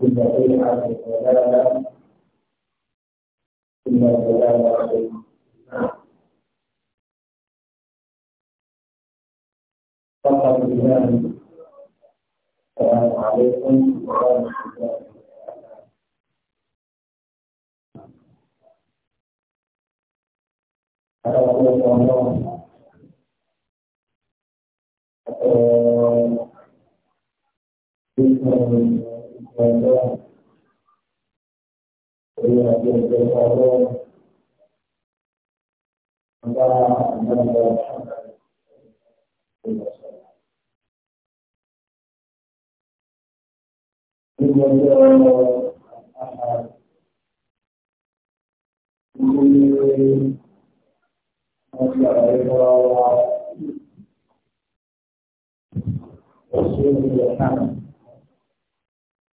كل بدعة ضلالة كل ضلالة في فقط بالله السلام عليكم ورحمة الله وبركاته. Thank you. Ọlọ́run. Orí ọjọ́ ìjọ Ọlọ́run. Agbára àgbàlagbà ìṣàkóso ìlọsọ̀rọ̀. Gbogbo ọjọ́ àṣàrò. Gbogbo ọjọ́ àṣàrò ọ̀rọ̀ wa. Oṣù Ìjọba.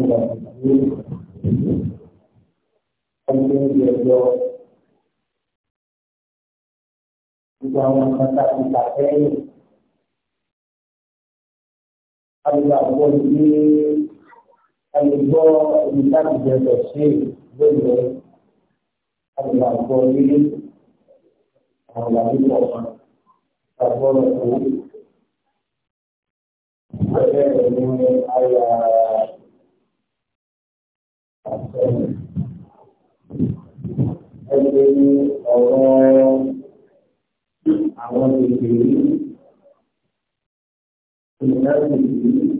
Kalau aku ini, kalau kita berdosa, boleh. Kalau aku ini, kalau àtẹ̀yìn. Ẹgbẹ́ ní ọ̀rọ̀ àwọn èdè yìí, ìdájọ́ yìí,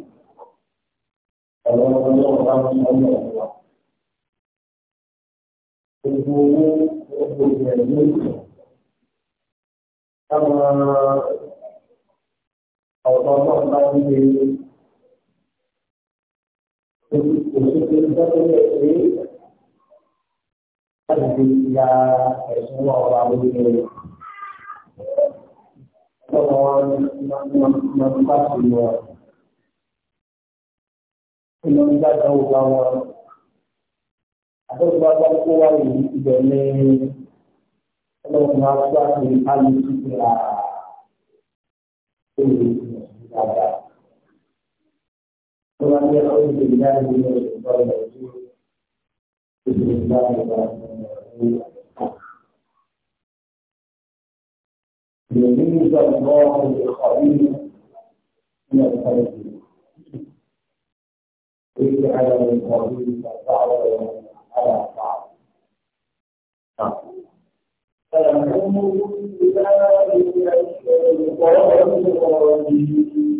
ọ̀rọ̀ ọlọ́run bá ń sọ ní ọ̀rọ̀. Gbogbo owó gbogbo ìrẹ̀ ní ìtàn. Táwọn ọ̀rọ̀ ọlọ́run bá ń gbé òṣèlú tó ń tọ́lẹ̀ pé láti fi ya ẹ̀sùn wọn ọba lórí rẹ̀. Ọ̀pọ̀ wọn máa ń bá sí wọn. Iná ń gbàgbọ́ ọba wọn. Àtọ́jú bá kó wá yìí ibẹ̀ ní ọlọ́run وأن أعوذ بالله من الشيطان الرجيم بسم الله الرحمن الرحيم يميز الله الخبيث من الخبيث اجعل الخبيث بعضا على بعض فيقوم بالله من الشيطان الرجيم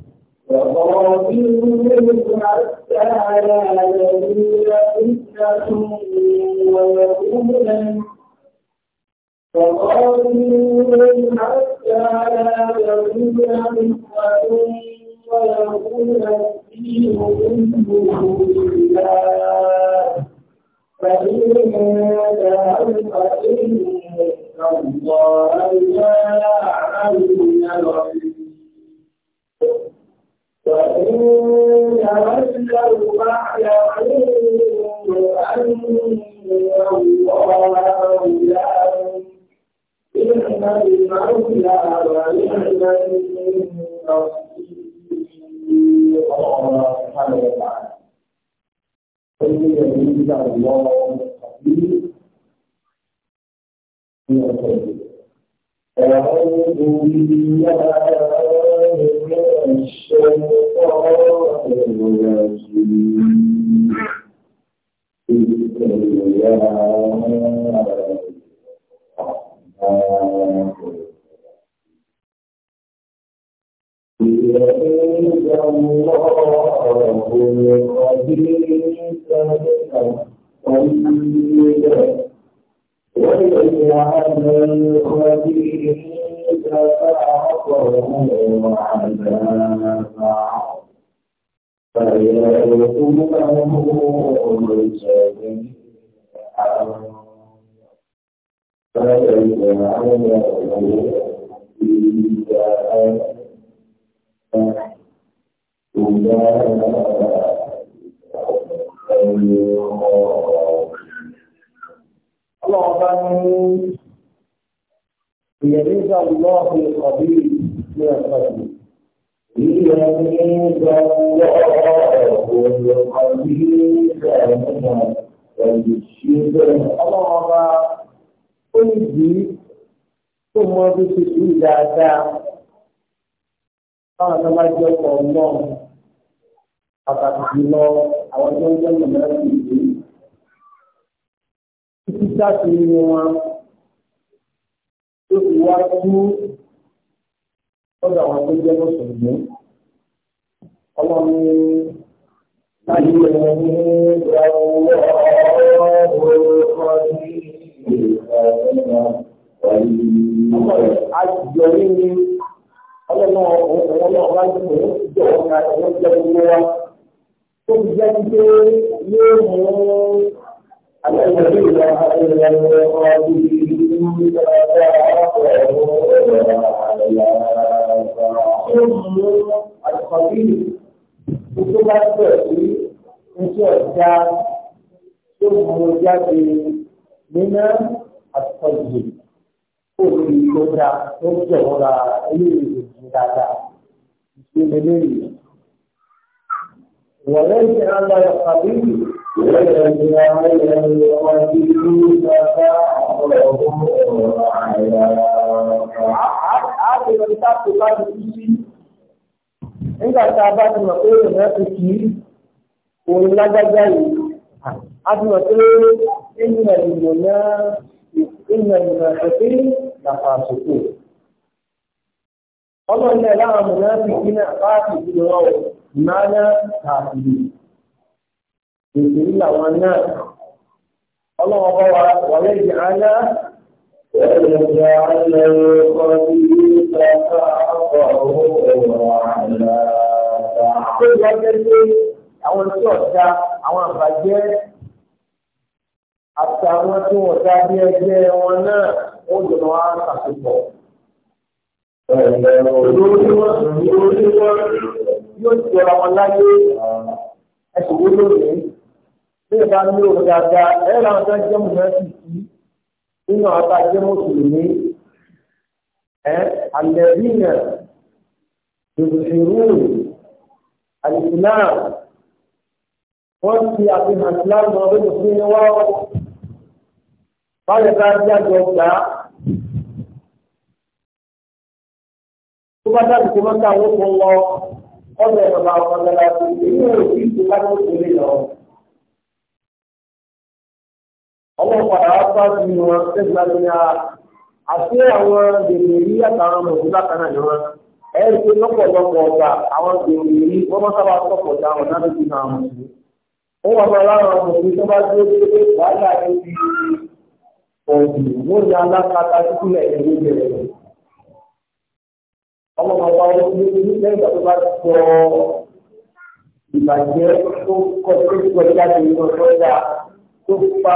فقاتلهم حتى لا يزول فتنة ويكون فقاتلهم حتى لا يزول فتنة ويكون الدين كله لله فإن ذهب فإن الله لا يعلم الغيب وإن تولوا فاعلموا أن الله مولاكم إن المولى ونعم النصير أعوذ بالله من الشيطان الرجيم بسم الله الرحمن الرحيم الله القدير والمجيد ويجعل الخبيث فأخذهم عذاب فيأخذهم الجبين فيجعلهم في جهنم أولئك هم الخاسرون ليرضى الله القبيل من القبيل ليرضى الله القبيل من القبيل الله قلبي ثم بسجود ذاتا قال ما جاء الله pàtàkì jùlọ àwọn tó ń jẹ́ ìmọ̀lẹ́bí ìlú títí sáà sí nínú wọn tó ti wá kú lọ́dọ̀ àwọn tó jẹ́ mùsùlùmí. ọmọ mi láyé ẹni ní ìgbàlọ́ ní ìgbàlọ́ ọmọ rẹ̀ ní ọlọ́mọ ọ̀hún ọlọ́ọ̀bá ní ọ̀gá ẹ̀rọ jẹ́ gbogbo wa. tó ti jẹ́ pé yóò mú àtẹ̀yẹ̀dé ìlànà ìlànà ọ̀rọ̀ bíi. Gbogbo bá tẹ̀ sí iṣẹ́ ọ̀dá tó mú jáde nínú àtọ́jú òfin tó dá tó jẹ̀wọ́ra eléyìí òfin dáadáa. Ìṣe lélẹ́yìí. Wọ̀lẹ́ ìṣẹ́ ńlá ọ̀pá Nígbà tá a bá ti mọ̀ pé ìrìnà ti kì í, òun lágbájá yìí, a ti mọ̀ pé ìrìnà ìrìnà ìrìnà ìrìnà ìrìnà ìrìnà àsòkò. Ọlọ́run náà láwọn mọ̀ náà ti kí náà bá ti ìdílé wọn náà náà kàkiri. Èsì ńlá wọn náà. Ọlọ́wọ́n bá wa wọlé jì áná. Ẹ̀yẹ̀dà alẹ́ ọdún yìí tàkà àpọ̀ owó ẹ̀wọ̀ àlá. Ṣé ìwà gẹ́gẹ́ àwọn tí ọ̀dà àwọn àbàjẹ́ àtàwọn tí wọ́n dá bí ẹgbẹ́ wọn náà ó dùn wá ṣàkóso. Olórí wọn yóò jọra wọn láyé ẹ̀sùn wọlé òní bí ìbá ní òun dáadáa ẹ làwọn tó ń jẹ́ mùsùlùmí sí nínú àbá jẹ́ mùsùlùmí ẹ àlẹ́rìnà ìrùsìrù àlìsílá wọ́n ti àfihàn islam lọ bí mùsùlùmí wá ọ́ báyọ̀ bá jáde ọgbà tó bá dábì tó máa ń ta àwọn ọkọ̀ lọ ọ̀dọ̀ ẹ̀ bàbá ọmọdé láti èyí ò sí ìtura ní òkèlè lọ. bá fi wọn ṣẹ́gun láti ní ara àti àwọn gbèsè rí àtàwọn mọ̀tòlá kan náà ni wọn ẹ̀ ń pe lọ́pọ̀lọpọ̀ ọgbà àwọn gbèsè wọ́n máa sábà sọ̀pọ̀ dá náà ó wà máa láwọn ọmọkùnrin tó bá dé wàhálà wọ́n ní alákatá bẹ̀rẹ̀ ọmọ bàbá ní ìgbà tó bá sọ ìbàjẹ́ tó kọ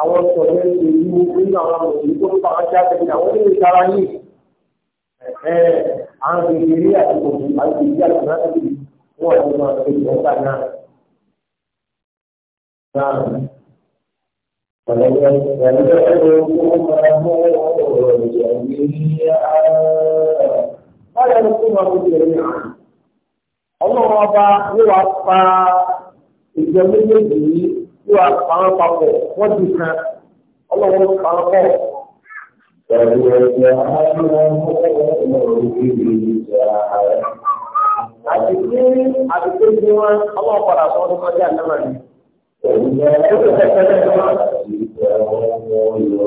àwọn sọ̀rọ̀ ẹ̀ ìlú nínú àwọn mùsùlùmí tó ń pa wọn jáde ní àwọn onílé sára yìí ẹ̀ àwọn kékeré àti kòkòrò àti kékeré àti nàkìlì wọn àti wọn àti ìjọba náà. Báyọ̀ ni kí wọ́n fi Ọlọ́run ọba wá pa ìjọ méjèèjì yìí tí wàá pàrọ̀ papọ̀ wọ́n di kan ọlọ́wọ́ pàrọ̀ pọ̀. Pẹ̀lú ẹgbẹ́ aláwọ̀ àti pé àti pé bí wọ́n ọlọ́wọ́ padà sọ ọdún kọjá náà ni. Pẹ̀lú ẹgbẹ́ aláwọ̀ àti ìfẹ̀wọ̀n ìyọ̀kọ́ ìyẹ̀wò ìyá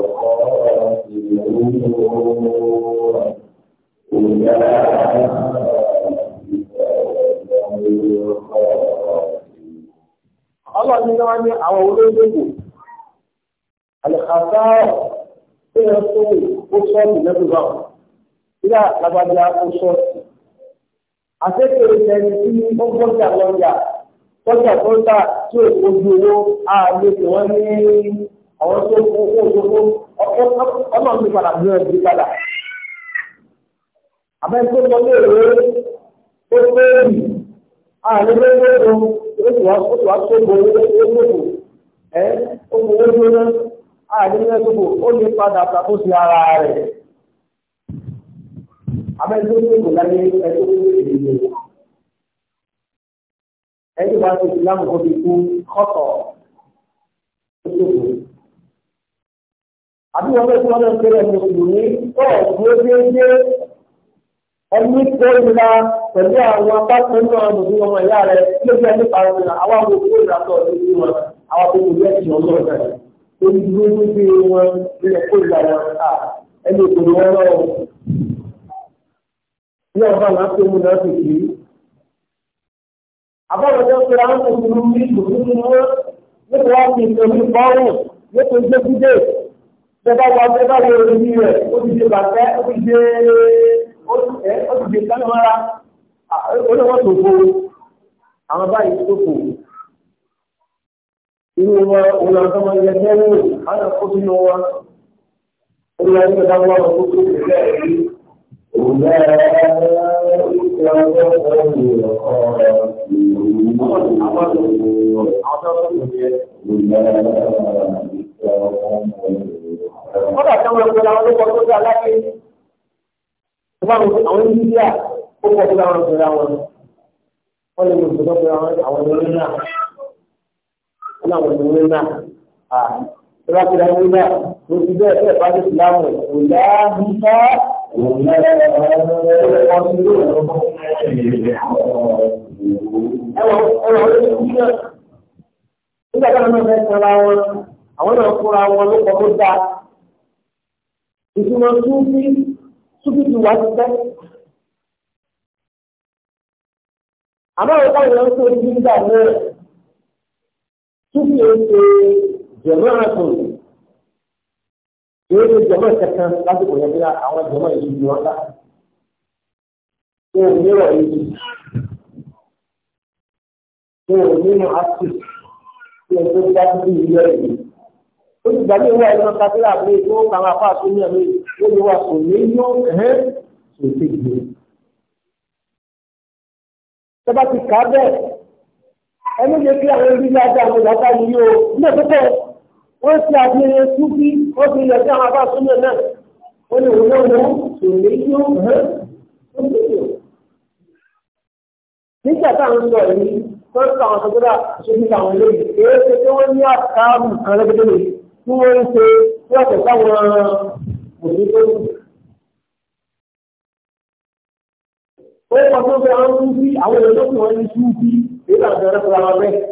ìfẹ̀wọ̀n ìyọ̀kọ́ ọlọ́run ní wọ́n ní àwọn olóńgbò àlùkàtà tó yẹ kó ó sọ́ọ̀tì lẹ́nu bá wọn nígbà lágbàdìyà ó sọ́ọ̀tì àtẹ́kẹ̀rẹ́ sẹ́ni tí ó gbọ́dọ̀ lọ́jà lọ́jà tó ń tà tí ò ojú owó ààbò tí wọ́n ní àwọn tó kó owó òṣogbo ọlọ́run ní padà bí wọ́n ti padà. àbẹ́ńtó lọ léèrè ó pé ààrẹ lọ́wọ́ ó sì wá ó sì wá tó bo owó lóko ẹ ó bo owó lóná àdéhùn tó bo ó lè padà ṣàkóso ara rẹ̀ abẹ́jọ́ tó kò láyé ẹjọ́ tó lè lè ẹjọ́ bá ti láwọn kan fi kú kọ́tọ̀ tó tó kù. àbí wọn bẹ́ẹ̀ tí ẹni tó ìlà pẹ̀lú àwọn apákan náà àbùkù ọmọ ìyá rẹ̀ ló fi ẹni pàrọ̀ ìlà àwọn àbùkù ìlà tó ọdún sí wọn àwọn àbùkù ìlà ti wọn lọ́wọ́ náà tó ń dúró ní bí wọn ilẹ̀ kó ìlà wọn ká ẹni ìkòrò wọn lọ́wọ́. ilé ọba máa ń pè mú náà tètè. àbáwọ̀dé pé àwọn kòkòrò ní ìkòkòrò ní wọn nípa wọn fi ìtòlú bọ́ọ̀rù nípa ìgbésídé bẹ́ẹ̀ bá wà bẹ́ẹ̀ bá wọ ó ti gbé kánú mọ́ra olówó tó fo àwọn báyìí tó fo irú wọn òun àwọn ọmọ ilẹ̀ tẹ́lẹ̀ àwọn kó sínú wọn olùwà ní ìgbà wọn kó tó lè bẹ́ẹ̀ rí òun bẹ́ẹ̀ ìgbà wọn kó lè kọ́ àwọn ọmọ ìgbà wọn kó lè kọ́ Ìbáwọn àwọn India ó pọ̀ sí àwọn ìṣẹ̀lẹ̀ àwọn wọ́n lè lo ìṣẹ̀lẹ̀ pé àwọn ìlú náà wọ́n láwọn ìlú náà à ìbá ti ra ìlú náà ló ti bẹ́ẹ̀ bẹ́ẹ̀ bá ti fi láwọn ìlú láàbí ká òun náà wọ́n ti lò lọ́wọ́. Ẹ̀wọ̀n ẹ̀wọ̀n ló ti kú náà. Nígbà táwọn náà fẹ́ sanra wọn, àwọn náà fúnra wọn ló kọ́ tó dáa. Ìtumọ̀ tún bí túbí ti wà ti tẹ́. Àmọ́ ìwé táwọn èèyàn ń tó ní nígbà náà túbí èyí ṣe jẹ̀mọ́ àtùn èyí ṣe jẹ̀mọ́ kankan lásìkò yẹn bí àwọn jẹ̀mọ́ yìí ju wọn ká. Ṣé o ní ìrọ̀ yìí? Ṣé o ní ìrọ̀ àti ṣé o tó dájú bí ìlú ẹ̀yìn? ó ti gbàgbé wá iná kakílà pé tó kàwọn afá tó ní ẹ̀mí ó lè wà kò ní yó ẹ̀hẹ́ kò sí gbé. Tọ́ba ti kà á bẹ́ẹ̀ ẹni lè fi àwọn ibi láti àwọn ìlàkà yìí yóò ní ẹ̀kọ́kọ́ wọ́n ti àfihàn súnbí wọ́n fi yẹ kí àwọn afá tó ní ẹ̀ náà ó lè wọ́n náà mú kò ní yó ẹ̀hẹ́ kò sí gbé. Nígbà táwọn sọ yìí, wọ́n sọ àwọn sọ́kúrà ṣe fi àwọn ilé tí wọ́n ń ṣe yàtọ̀ sáwọn mùsùlùmí. ó kọ́ tó fẹ́ àwọn ń bí àwọn èèyàn lókùn wọn ní ṣúbí nígbà tó rẹ́ wọn bẹ́ẹ̀.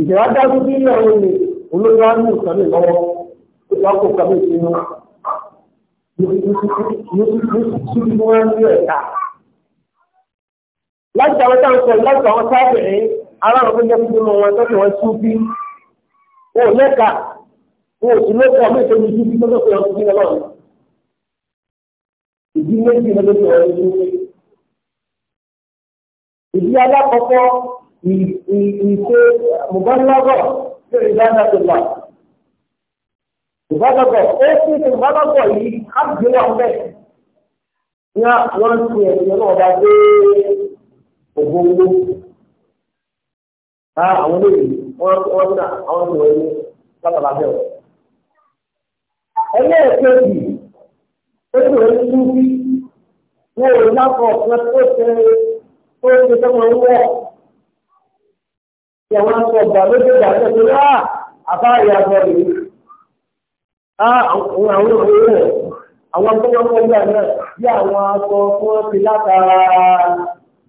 ìjọba dájú bí ilé àwọn ilé olórí wa ní ìkànnì lọ́wọ́ tó bá kó kàmí ìsinú nítorí wọn ní ẹ̀ka. láti àwọn táwọn sọ láti àwọn sábẹ̀rẹ̀ ará àwọn fẹ́jọ́ fún mi wọn tọ́jú wọn sún bí wọn ò lẹ́ka wọn ò sí lẹ́ka wọn èso ní ibi tó lọ́kọ̀ ọ̀sùn nílẹ̀ lọ́wọ́. ìdí méjì ló ló sọ̀rọ̀ ní ìdí alákọ̀ọ́kọ́ ìṣe mùbálàgọ̀ ṣe ìdánilẹ́sọ̀lá. Mùbálàgọ̀ ó sì ṣe mùbálàgọ̀ yìí á gbé wọn bẹ́ẹ̀. Ní àwọn ti ẹ̀yọ́ náà bá dé ògbó owó. Bá àwọn olóyè wọ́n wọ́n ní àwọn ọmọ ẹni látara bẹ́ẹ̀. Ẹlẹ́ẹ̀kejì, ó lè ní Súnfí, wọ́n ò lákọ̀ọ́ kan tó ṣe tó ṣe sọ́mọ ń wọ̀ ìyàwó ń sọ ọgbà lójú ìgbà tó ti rà àbá ìyá sọ rèé àwọn àwọn òwe rẹ àwọn tó wọn kọ ìgbà náà bí àwọn aṣọ tí wọn ti látara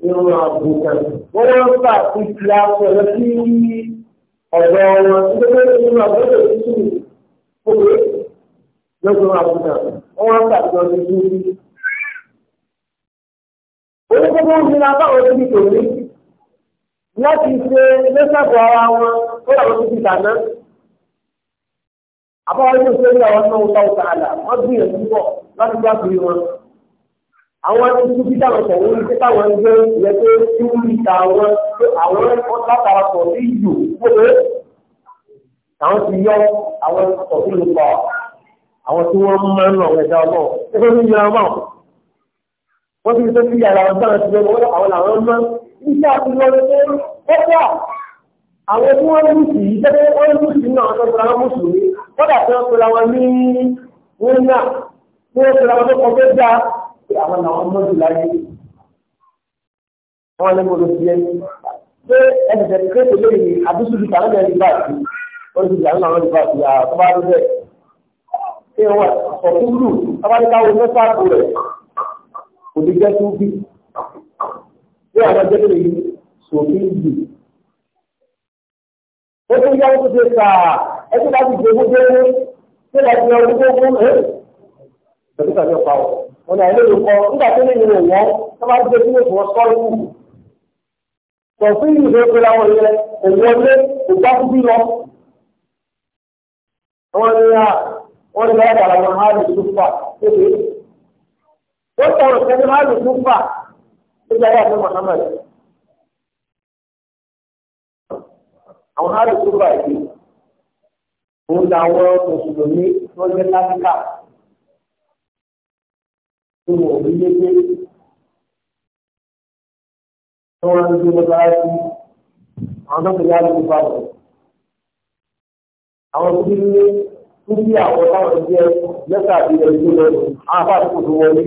irun àbùkàn wọn wọn fà fi ti aṣọ rẹ sí ọ̀dọ̀ wọn nígbà tó ti rà lọ́dọ̀ tó ti kókè lọ́dọ̀ àbùkàn wọn wọn fà wọ́n ti ṣe lẹ́sàbọ̀ ara wọn ó yàgò tó ti dáná. àbáwọn ilé ìṣẹ́ ní àwọn náà lọ́wọ́ tààlà wọ́n gbìyànjú bọ̀ láti gbá gbé wọn. àwọn ti tún bíjà wọn sọ̀rọ̀ ní pípa wọn gbé ilẹ̀ tó ti ń rí ta wọn pé àwọn látara sọ̀ sí ìlú pé àwọn ti yọ àwọn sọ̀ sí ìlú pọ̀ àwọn tí wọ́n máa ń lọ àwọn ẹ̀dá ọlọ́ọ̀ ẹgbẹ́ mi yọ ọmọ wọ́n ti ṣe sí yàrá ọ̀sán àti iṣẹ́ àtúnyọrí pé ẹgbẹ́ àwọn tí wọ́n lù sí tẹ́tẹ́ wọ́n lù sí náà tó fura wọn mùsùlùmí kọ́dà tí wọ́n fura wọn ní wọn náà tí wọ́n fura wọn tó kọ́ fẹ́ dá pé àwọn làwọn mọ́jú láyé wọn lè mọ̀lọ́ sí ẹni pé ẹnìtẹ̀ ní kéde lórí àdúsùlù tàbí ẹni bá sí wọ́n ti dàrú àwọn ẹni bá sí àtọ́bá ló bẹ̀ ṣé wọn ọ̀kúrú tọ́bá ní káwọn mẹ́fà kù rẹ̀ kò ní jẹ́ tó bí pé àwọn jẹ́kẹ̀lé yìí sòfin jù. ó tún yá ó tún ṣe sà ẹtí bá ti jẹ gbogbo ẹni tí bá ti lọ rí gbogbo ẹ. ìtọ́jú tàbí ọ̀pá ọ̀ wọn ni àìlè yìí nígbà tó lè yìn wọ̀ tó bá ti jẹ kí wọ́n sọ́ọ́lù. sọ̀fin yìí ló pe láwọn yẹn òun ọlé ògbà kúbí lọ. wọ́n ní à wọ́n ní láyà àlàmọ́ hálù tó fà wọ́n sọ̀rọ̀ sẹ́ni lójú ayé àti Muhammad àwọn hali tó bá yìí òun làwọn mùsùlùmí tó jẹ láfíríkà tó wọ orílẹ̀-èdè tó wọn ń gbé lọ́dọ̀ ayé àwọn tó kéré àlùkò bá wọn àwọn tó kéré níbi àwọn táwọn jẹ lẹ́sà àti ẹ̀jẹ̀ lọ́dọ̀ àwọn afáàtúkò tó wọlé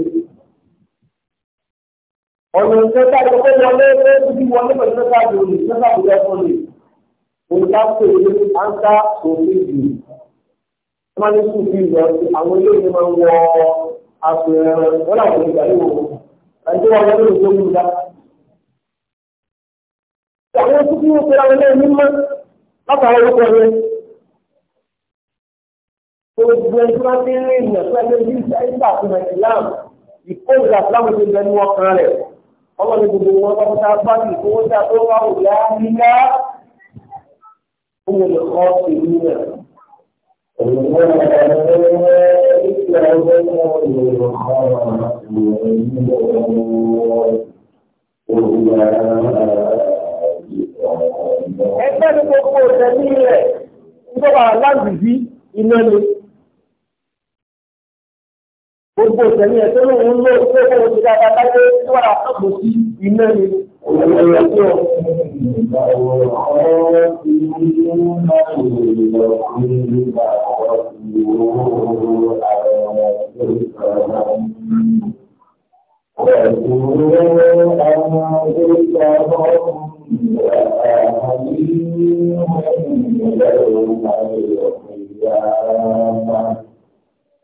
ọ̀nà ìṣẹ́ta ìṣẹ́ta wọlé lé ibi wọlé pẹ̀lú ìṣẹ́ta ìròyìn ìṣẹ́ta ìjọ fún mi òǹkà pè ní àǹkà òfin jù wọ́n ní sùn bíi lọ sí àwọn ilé ìwé máa ń wọ aṣọ ẹran wọn làwọn ìgbà yìí wò àti wọn lọ lórí ìṣòwò ìdá. àwọn oṣù tí wọ́n fẹ́ra wọn ní mọ́ látara orúkọ yẹn. gbogbo ẹni tí wọ́n ti ń rìn ìyàn pẹ́ẹ́lú ní ìgbà àti nàìjíríà ìkórìíra fúlàmù ti bẹnu ọkàn rẹ̀ ọlọ́run gbogbo wọn bá ta bá ní owó tá a tó wá wò yá nílá fún olè kọ́ ìlú rẹ̀. Ẹgbẹ́ ní gbogbo ìtẹ̀lé rẹ̀ ń bọ́ bá láǹdì iná ni gbogbo ìsẹ̀mí ẹ̀ tó lóun ló tó kọ́ oṣù dáadáa láyé tó wà láàbò sí iná ni Thank you.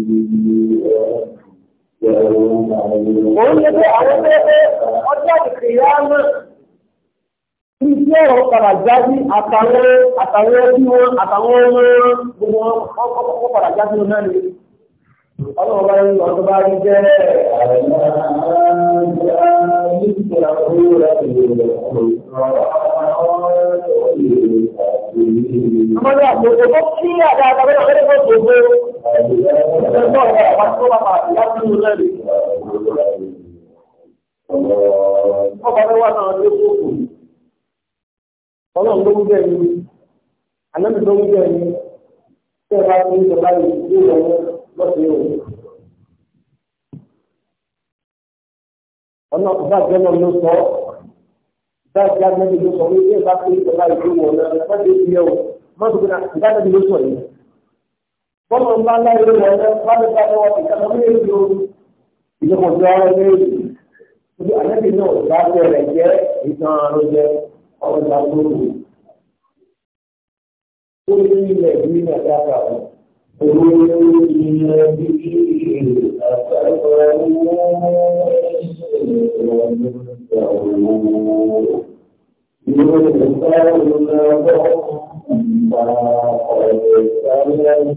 Òun ni pé àwọn tó pé ọjọ́ ìkìlá náà tí tí ọ̀rọ̀ padà jáde àtàwọn àtàwọn ẹbí wọn àtàwọn ọmọ gbogbo ọkọ̀ padà jáde lọ náà ni. Ọlọ́run bá rí ọdún bá rí jẹ́ Ọmọdé àgbègbè tó kí àdáadáa lọ́dọ̀ tó gbogbo Ọlọ́run ló ń bẹ̀ ni, àlọ́mì ló ń bẹ̀ ni, ẹ bá ní ìjọba yìí yóò lọ lọ́sẹ̀ yóò. Ọ̀nà ọ̀gá ìjọba ló sọ, ìgbà ìjọba ló sọ wípé ẹ bá ní ìjọba yìí yóò wọ̀ lọ́sẹ̀ yóò. Mọ́tò gbọ́dọ̀ ìgbà ìjọba ló sọ yìí bọ́ọ̀lù ńlá ńlá ìlú rẹ̀ ẹ̀ wájú pàtó ìkànnì méjì o ìjọba ìjọ ara méjì ibi àlejò náà bá bẹ̀rẹ̀ jẹ́ ìtàn àrùn jẹ ọ̀rọ̀ ìjà gbogbo ó ní ilẹ̀ bí nàìjíríà kà ó owó ilẹ̀ bí àtàkọ̀ọ́ ìwé ìgbà ìlú náà bọ̀ ń bá ọ̀rẹ́ sáré.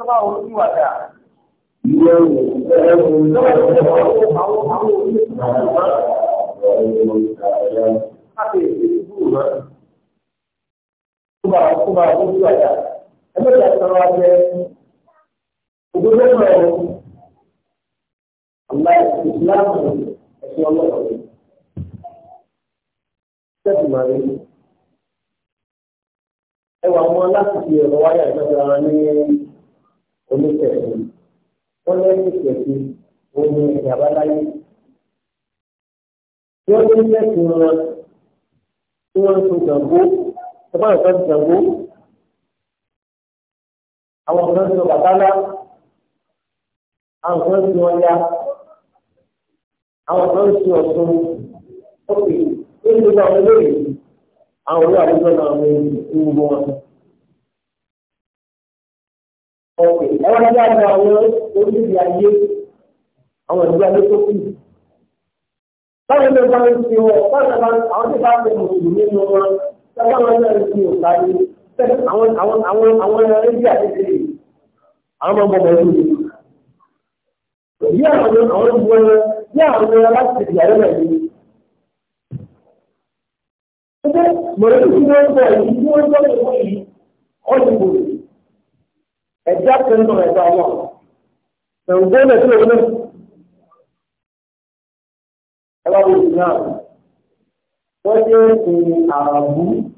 sábà ẹwà wọn láti fi ọ̀rọ̀ wáyà ìjọba ara ní oníṣẹ̀sìn wọ́n lẹ́yìn ìṣẹ̀sìn wọ́n ní ẹ̀sìn àbáláyé. Bí wọ́n ti lẹ́sìn wọn tí wọ́n ń so Ṣàngó tó bá nǹkan ti Ṣàngó àwọn kan ti sọ bàtálá àwọn kan ti ọya àwọn kan ti ọ̀ṣun ókè ní ìlú náà wọ́n lóye àwọn olú àdúgbò náà wọ́n ń wú wọn. àwọn adájọ́ àwọn orílẹ̀-èdè ayé àwọn ìlú ayé tó kù. Báwo ló bá ń fi wọ̀? Báwo ló àwọn tí bá fi mùsùlùmí nínú wọn? Báwo ló bá ń fi òkà ní? Àwọn ẹlẹ́bí àtẹ́sẹ̀ yìí, àwọn ọmọ ọmọ ìlú yìí. Bí àwọn àwọn ìlú wọn, bí àwọn ọmọ láti ṣètì àrẹ náà yìí. Ṣé mọ̀lẹ́bí tí wọ́n ń bọ̀ yìí, tí wọ́n ń bọ̀ ẹ̀dá kan náà ẹ̀dá náà ṣàǹgó náà tí òun náà ìlú náà wọ́n ṣe é ṣe àràbù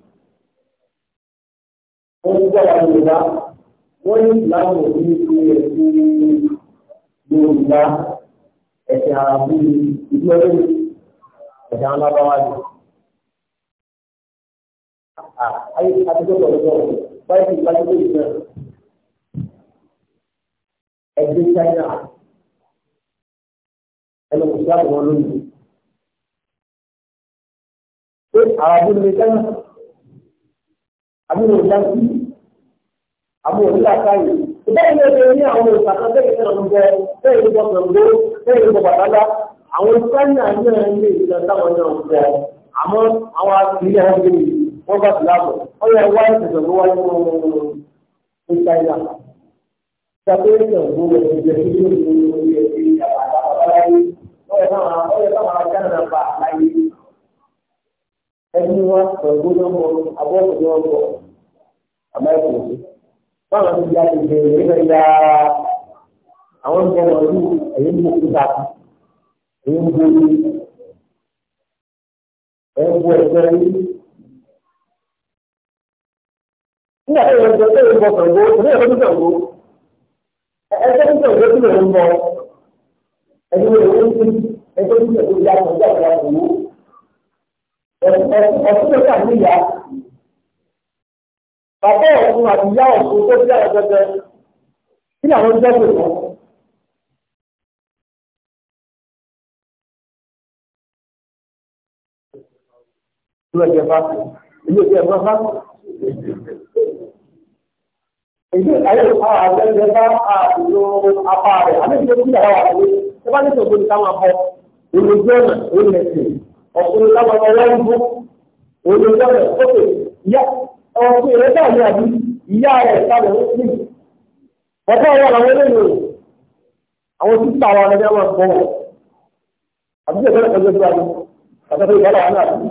wọ́n ti gbọ́dọ̀ yorùbá wọ́n ní ìlànà òbí ti ẹ̀sìn yorùbá ẹ̀sìn àràbù ìlú ọdún ẹ̀sìn alábáwá ni. Ayé àti gbọ́dọ̀ lọ́wọ́ báyìí ti gbájú lóyún náà. ẹgbẹ́ china ẹnu kò sí àwọn olóyìn pé àwọn abúlé ní china ìjọ táwọn àmọ́ àwọn wọ́n bá ti wáyé Tapi itu boleh menjadi sumber menjadi apa lagi? Oleh sama, oleh sama macam apa lagi? Semua berguna pun, apa berguna pun, apa itu? Kalau menjadi diri kita, awak jangan lalu ẹgbẹ́ tó tẹ̀lé tó lè ń bọ̀ ẹni ló ń bí ẹgbẹ́ tó tẹ̀lé tó yá ọjọ́ ìyá òwú ọtún tó kà ìyá bàbá ọ̀tún àti ìyá ọ̀tún tó bí àwọn jẹjẹ kí ni àwọn jẹ́ pè wọ́n. Ilé ìjẹba, ilé ìjẹba bá èyí ayé ìfọ àgbẹ̀gbẹ̀ bá àlò apá rẹ̀ àbẹ̀gbẹ̀ tó yàrá wà lórí tó bá ní sọ̀gbọ́n ní káwọn abọ́ olùjọ́nà olùmẹ̀sìn ọ̀kùnrin káwọn ọmọ wọn bú olùjọ́nà ókè yá ọkùnrin rẹ̀ bá ní àbí ìyá rẹ̀ sábẹ̀ ó sì ọ̀pọ̀ ọ̀rọ̀ àwọn eléyìí àwọn tí tà wọn ẹgbẹ́ wọn bọ̀ àbí ìgbẹ́ ẹgbẹ́ tó àbí àtàkùn ìgbàlá wọn àbí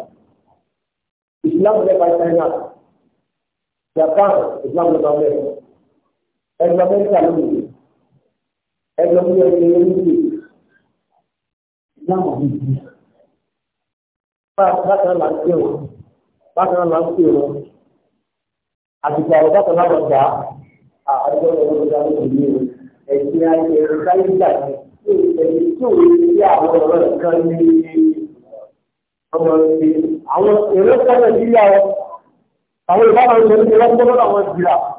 ìsìlámù lẹ́ba China Japan ìsìlámù lẹ́ba America ẹgbẹ́ mẹ́ta lónìí ẹgbẹ́ mẹ́ta lónìí náà nìyí. bákan náà ti rọ bákan náà ti rọ àtìkà ọ̀rọ̀ bákan náà lọ́jà àdúgbò ọ̀rọ̀ lọ́jà lónìí ẹ̀sìn ayé ẹ̀rọ káyé gbà ní ẹ̀sìn tí òun ti rí àwọn ọ̀rọ̀ kan ní ọmọ ẹ̀sìn àwọn èrè kọ́nà ìdílé àwọn àwọn ìbára ìṣẹ̀lẹ̀ ìrọ́pọ̀ lọ́dọ̀ àwọn ìdílé àwọn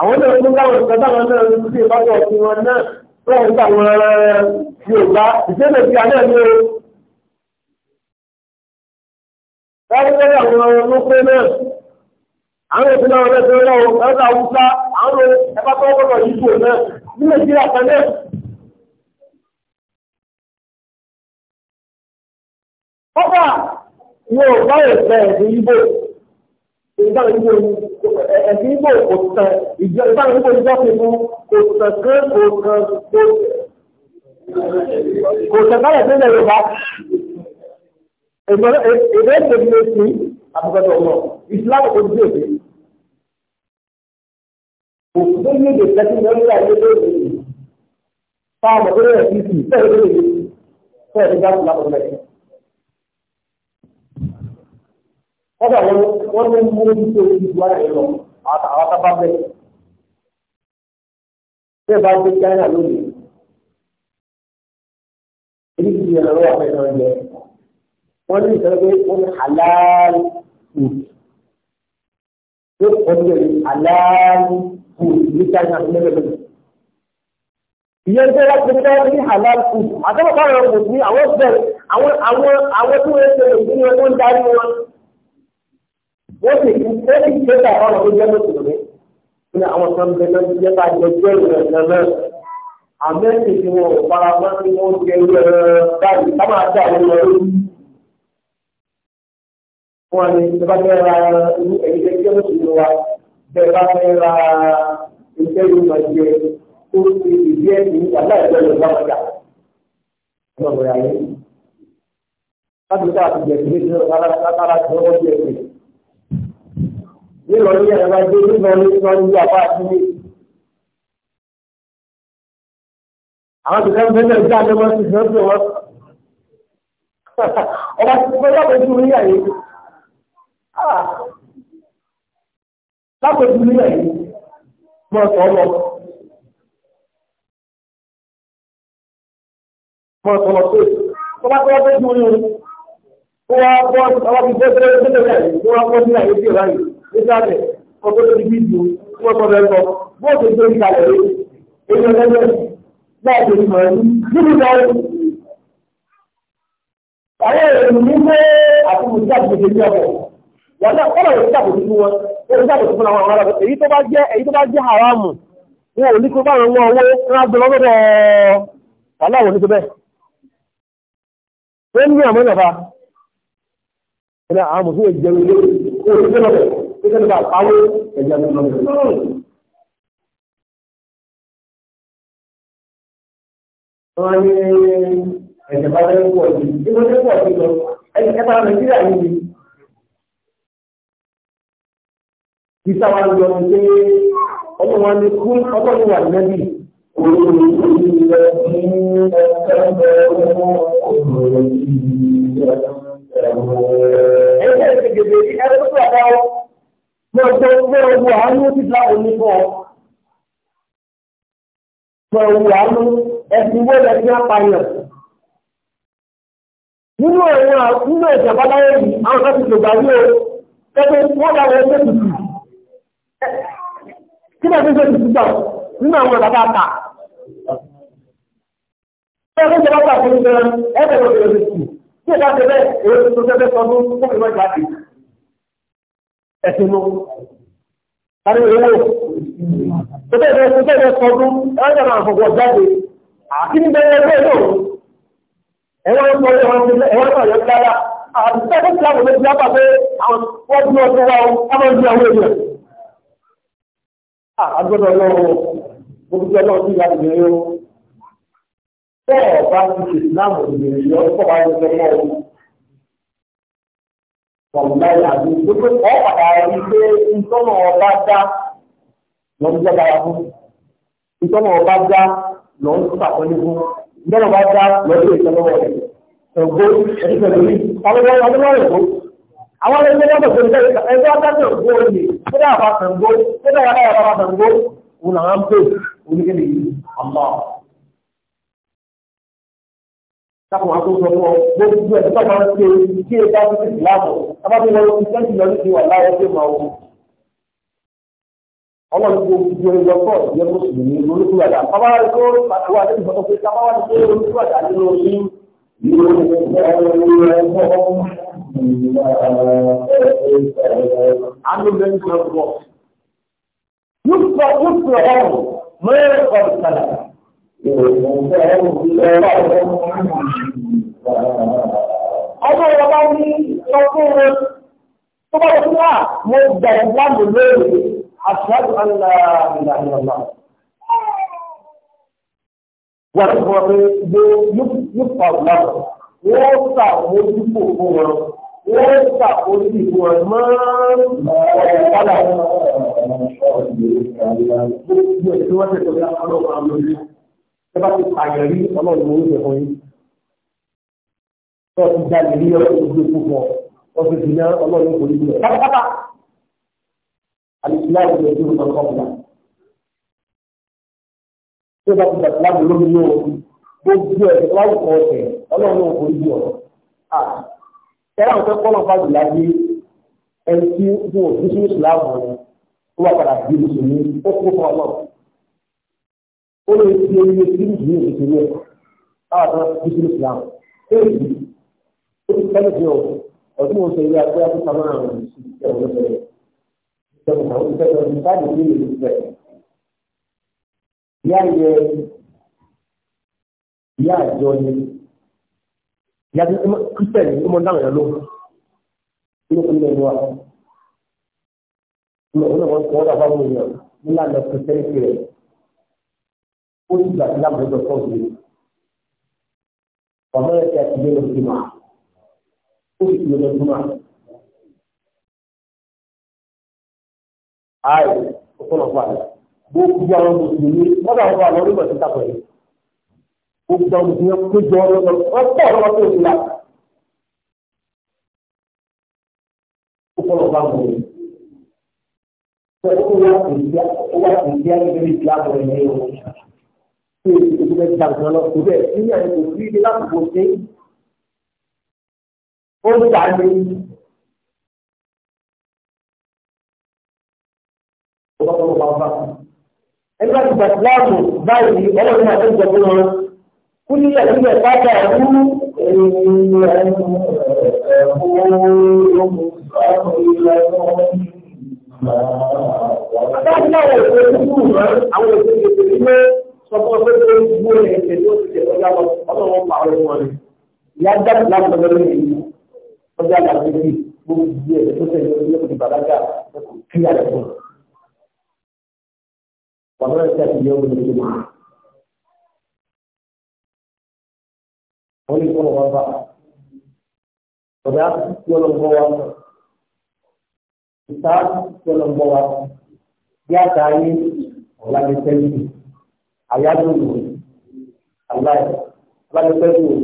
àwọn náà tún láwọn ìgbà táwọn náà ń ṣe ìbáwọ̀ sí wọn náà lọ́wọ́ ń tàwọn Yorùbá ìṣẹ́lẹ̀ ti alẹ́ ní o. Lọ́wọ́ àwọn olóko náà àwọn òfin náà rẹ̀ tẹ́lẹ̀ lọ́wọ́ ẹ̀ka Awúsá àwọn ẹ̀ka tó gbọ́dọ̀ yìí tó náà ní Nàìjíríà kan náà. Kọ́kà Yorùbá ẹ̀fẹ̀ ìgbà ìgbò ẹ̀sì ìgbò kò tàn ìjọ ìgbà ìgbò ìjọ fífún kò tàn kán kò kàn kò tàn kálẹ̀ sílẹ̀ Yorùbá èdè ìgbèbí lè sí àbúkẹ́tọ̀ ọ̀nà Islam kò dé èdè òkúté ní èdè tẹ́tí ní orílẹ̀ ayé ló dé èdè fáwọn ọ̀gbẹ́rẹ́ ẹ̀sì ìsì tẹ́lẹ̀ ló dé èdè tẹ́lẹ̀ ní gáàsì lápapọ̀ mẹ́rin. kọ́dà wọ́n ní mójú tó ti ju ara rẹ̀ lọ àwọn tábà bẹ́ẹ̀. bẹ́ẹ̀ bá dé China lónìí èyí ti yẹn lọ́wọ́ àwọn ẹ̀rọ yẹn wọ́n ní ìtọ́jú pé wọ́n ní halal food yóò kọ́ ní ẹ̀rí halal food ní China lọ́wọ́ ìyẹn tó wá ti fẹ́ ní halal food àtọ́wọ́ báwọn ọmọ òsì àwọn bẹ̀rẹ̀ àwọn àwọn àwọn tó ń ṣe ìdílé wọn tó wọn ó sì ó sì ké ta àwọn ọmọ tó jẹ́ mùsùlùmí ní àwọn kan bẹ náà ti jẹ́ ká jẹ jẹ́ ìrẹ̀ kan náà àmẹ́sì tí wọn ò fara mọ́ tí wọ́n jẹ ìrẹ̀ báyìí ká máa dá àwọn ọmọ lórí. wọn ni bí bá fẹ́ ra irú ẹ̀yìn tẹ́ jẹ́ mùsùlùmí wa bẹ́ẹ̀ bá fẹ́ ra iṣẹ́ yìí máa jẹ tó ti ìdí ẹ̀sìn wàhálà ìjọba ìjọba ọjà ọmọ ìyá yẹn. láti ká nílò ní ẹ̀rọ ajé nígbà ní wọ́n ní apá àtúndé. àwọn tó kẹ́kẹ́ bẹ́ẹ̀ jẹ́ àdébọ́ sí ìṣẹ́ tó wọ́n. ọba tí wọ́n yàgò tó rí àyè. lápò tó rí àyè mọ́ sọ lọ. mọ́ sọ lọ pé ọba tó wọ́n tó rí orí. ó wá bọ́ ọba tó bọ́ sí ẹgbẹ́ tó rí àyè ó wá bọ́ sí àyè tó rí àyè. nígbàdẹ̀ ọkọ̀ tó ti bí ju tí wọ́n sọ̀rọ̀ ẹ̀kọ́ bóò tó gbé ìkàlẹ̀ rẹ̀ èyí ọlọ́dẹ̀ láti orí mọ̀ ẹ̀mí nínú ìgbà Àwọn ní pé gbèsè ní ọkọ̀ wọ́n náà kọ́nà wọn ó àwọn kíkẹ́ bá fẹ́ pọ̀ sí i Ẹgbẹ́ ìgbègbè ẹgbẹ́ tó wà Gbogbo gbogbo àánú ti gba òní fún ọ. Gbogbo àánú ẹ̀sìn wo lẹ fi Nínú àwọn nínú láyé yìí, àwọn kan ti gbègbà ní o. Kẹ́kẹ́ wọ́n dá wọlé tutù. Kí ni àti ṣe tutù gbà nínú àwọn bàbá àtà? Ṣé ẹgbẹ́ ìjọba gbà fún mi gan-an? Ẹgbẹ́ ìjọba gbà ẹ̀sìnú. Tàbí owó, tó tẹ́lẹ̀ tó tẹ́lẹ̀ sọdún, ẹ̀rọ máa fọ̀gbọ̀ jáde, àti ní bẹ̀rẹ̀ ẹgbẹ́ náà. Ẹ̀wọ́n ń sọ ẹ̀wọ́n náà yọ dára, àti tẹ́lẹ̀ tí àwọn ọmọdé lápá pé àwọn ọdún ọdún wàlúwàlú àti gbogbo ọ̀ padà rí pé ìtọ́nà ọba dá lọ ń jẹ́ dára fún ìtọ́nà ọba dá lọ ń sàkọ́lé fún ìtọ́nà ọba dá lọ sí ìtọ́nà ọba rẹ̀ ẹ̀gbọ́ ẹ̀dínkẹ̀ lórí tàbí ọdúnwọ̀n ẹ̀gbọ́. àwọn ẹgbẹ́ wọn bẹ̀rẹ̀ pẹ̀lú ẹgbẹ́ adájọ́ ẹ̀gbọ́ òye tó dára bá fẹ̀ ń gbó tó dára bá yàrá bá fẹ̀ ń gbó òun làwọn ń pè oníkẹ́lẹ̀ yìí àmọ́ káwọn àkóso ọmọ gbogbo ẹ̀ tó máa ń ṣe kí ẹ bá tún sí láàbọ̀ abájọ́ lọ sí sẹ́ńtì lọ sí wà láyé tó máa wọ. ọlọ́run kò ju ẹyọ pọ̀ ìyẹn mùsùlùmí olókùwàdà bàbá rẹ̀ tó wà lẹ́yìn ìfọ̀tọ̀ pé bàbá wà lẹ́yìn olókùwàdà nínú orí ìlú ẹ̀rọ ẹ̀rọ ẹ̀rọ Ọjọ́ ìwọ̀n bá ní ọdún rẹ̀ tó bá lọ fún wa, mo bẹ̀rẹ̀ láàbò lórí àṣíwájú aláàrínlá. Wà ní ọ̀rọ̀ pé gbé yúpa lábọ̀, wọ́n sà mójúpò fún wọn, wọ́n sà ojú ìfún ẹ bá ti pààyàn rí ọlọ́run ló ń jẹ fún yín ẹ ti jáde rí ọlọ́run ló kú fún ọ ọtí ti ná ọlọ́run kò ní bí ọ pátápátá alìsíláàmù ló dúró lọ kọ́ ọ̀la tó bá ti gbà síláàmù lómi ní òun gbogbo ẹ̀ tó bá wù kọ́ ọ̀tẹ̀ ọlọ́run kò ní bí ọ tẹ́lá ń fẹ́ kọ́nà fàdùlá bí ẹni tí wọn ò fi sí ìsìláàmù wọn wọ́n padà bí mùsùlùmí ó kú fún ọlọ́run ó lè fi oye sí ìlú ìṣèlú ẹ̀ káàtó bísí islam éèdì ó ti tẹ́lẹ̀ sí ọdún mo sọ ilé agbẹ́ àtúntà máa rìn sí ìṣẹ̀lẹ̀ lọ́sẹ̀rẹ̀ ìṣẹ̀lẹ̀ àwọn ìṣẹ̀lẹ̀ ọdún táàbì sí ìlú ìṣẹ̀lẹ̀ ìyá ìyẹ ìyá àjọ ni ìyá tó kírísítẹ̀lì ó mọ dáhùn yẹn ló ló fi lẹ́nu wa lọ́wọ́ wọn kọ́ ọ́ dàbọ̀ àwọn èèyàn nílànà kírísítẹ̀lì ó ti gbà sílá mọ́jọ fọ́ọ̀sì ọ̀dọ́ ẹ̀ tí a ti gbé lọ sí máa ó sì gbé lọ sí máa. ayé ó tọ̀nà fún àlẹ́ gbogbo àwọn mùsùlùmí lọ́dọ̀ àwọn àwọn onímọ̀ ti tàpọ̀ yìí gbogbo àwọn mùsùlùmí tó jọ ọlọ́dọ̀ wọ́n pọ̀ ọ̀rọ̀ tó ti la. ó tọ̀nà fún àwọn yìí. Sọ wá ìdí ayé lórí ìdí àbọ̀ ẹ̀yẹ́ òun ṣe ìdókòwò bẹ́ẹ̀ gba nǹkan lọ kò bẹ́ẹ̀ nílẹ̀ kò sí láti kò ṣe ó gbà ní. ọ̀pọ̀lọpọ̀ ọba ẹgbẹ́ ti gbàgbọ́ọ̀mù báyìí ọlọ́run náà ń jẹun lọ kú nílẹ̀ nílẹ̀ pátá ẹ̀kú Àwọn ìgbésẹ̀ ìgbésẹ̀ sọ́kọ́ pé pé gbó ní ẹ̀ṣẹ̀ tó ti tẹ̀ ọjà lọ ọlọ́wọ́ pààrọ̀ wọn ni ìyá jáde láti lọ lórí ìlú ọjà làwọn ibi gbogbo ẹ̀ tó tẹ̀lé orí ẹ̀kọ́ ìbàdàgà ẹ̀kọ́ kí àlẹ́ fún un. wàhálà ẹ̀ṣẹ̀ ti yẹ omi lójú máa. ní kọ́ àyájọ́ ìwò aláì alágbẹ́fẹ́ ìwò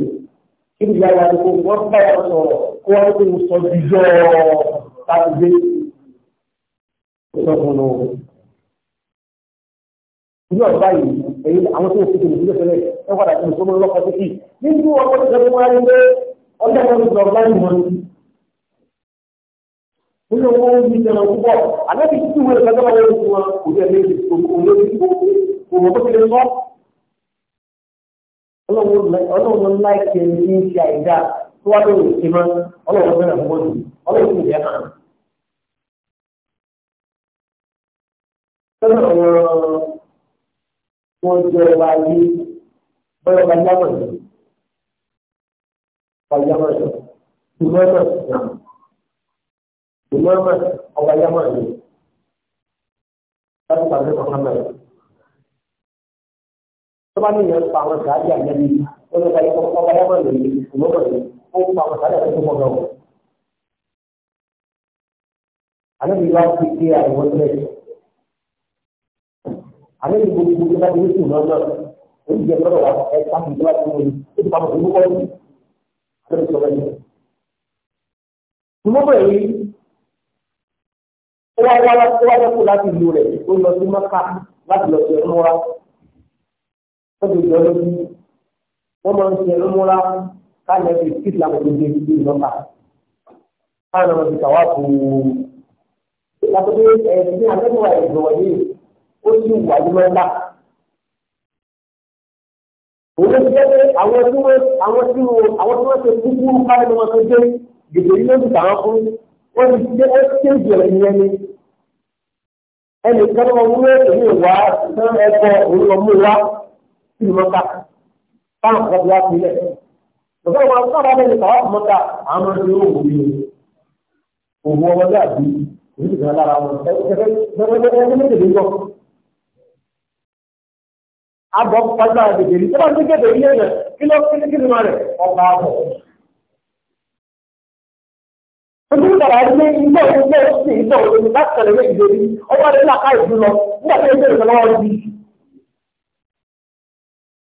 kí ni ìyá yàrá kó wọ́n bá wọn sọ̀rọ̀ kó wọ́n tó sọ jíjọ́ sátidé ìtọ́kùnú. Ní ọ̀gá yìí, èyí àwọn tó ń fi tòlùfí lẹ́sẹ̀rẹ̀ ẹ wà láti ìṣòro lọ́kọ̀ tó kì í. Nínú ọkọ̀ tó tẹ̀lé wọn ní pé ọjọ́ kan ti lọ́gbà ìmọ̀ ni. Nínú owó ń bí púpọ̀, àlẹ́ ti tún ìwé ìgbàgbọ́ wọn lórí wọn kò dé ẹgbẹ́ olórí tó kò tó fi sọ. ọlọ́run láìpẹ́ ní ní ṣe àìdá tó wá lórí ìṣe mọ́ ọlọ́run fẹ́ràn fún bọ́ọ̀lù ọlọ́run sì yẹ hàn. sọ́dọ̀ àwọn wọn jẹ́ wa yí bọ́lá bá yá mọ̀ ní. Bá yá mọ̀ ní. Tùmọ̀ náà. Tùmọ̀ náà ọba yá mọ̀ ní. Láti pàdé Mọ̀hámẹ́dì tó bá níyàn pa àwọn sàájà lẹ́nu wọn ló báyìí kọ́kọ́ báyà máa lè ní ìmọ̀mọ̀ ní ó pa àwọn sàájà tó mọ̀ náà. àlejò bá ti gbé àwọn ọ̀rẹ́ àlejò gbogbo tó bá ti wí sùn lọ́nà oúnjẹ lọ́dọ̀ wà ẹ̀ sáfì tó bá ti wọlé ó ti pa àwọn ìlú kọ́lé àlejò sọ bẹ́ẹ̀ ni. ìmọ̀mọ̀ yìí ó wá wá wá kó láti lu rẹ̀ ó lọ sí mọ́ká láti lọ sí ọmọ wọ́n ti jọ lójú wọ́n máa ń ṣe ẹlọ́múra káàdì ẹ̀fẹ̀ tí ìlànà tó dé sí ìlọ́ta káàdì ọ̀nà ti kàwá fún un. Ìlàkùnrin ẹ̀sìn ní àtẹ́kùnrin àìsàn wọ̀nyí ó sì wà nínú ẹ̀dá. Òun ti jẹ́ pé àwọn tí wọ́n àwọn tí wọ́n àwọn tí wọ́n ṣe kúkúrú káàdì wọn tó dé gègé ilé ti tàn án fún wọ́n ti ṣe ó ṣe ìbẹ̀rẹ̀ ìyẹn ni. Ẹnì kan wọn wúlé èmi wá ẹ̀kọ́ òun lọ mú wa. ìlú mọ́ta táwọn kan ti ilẹ̀. Bàbá ìwà ọ̀sán bá bẹ̀rẹ̀ mmadụ fún mọ́ta àwọn ọmọ ìlú òwò ni òwò ọmọ dà bí òwò ìgbà lára wọn. Ẹ Abọ̀ pàṣẹ àgbègbè ní sábà ń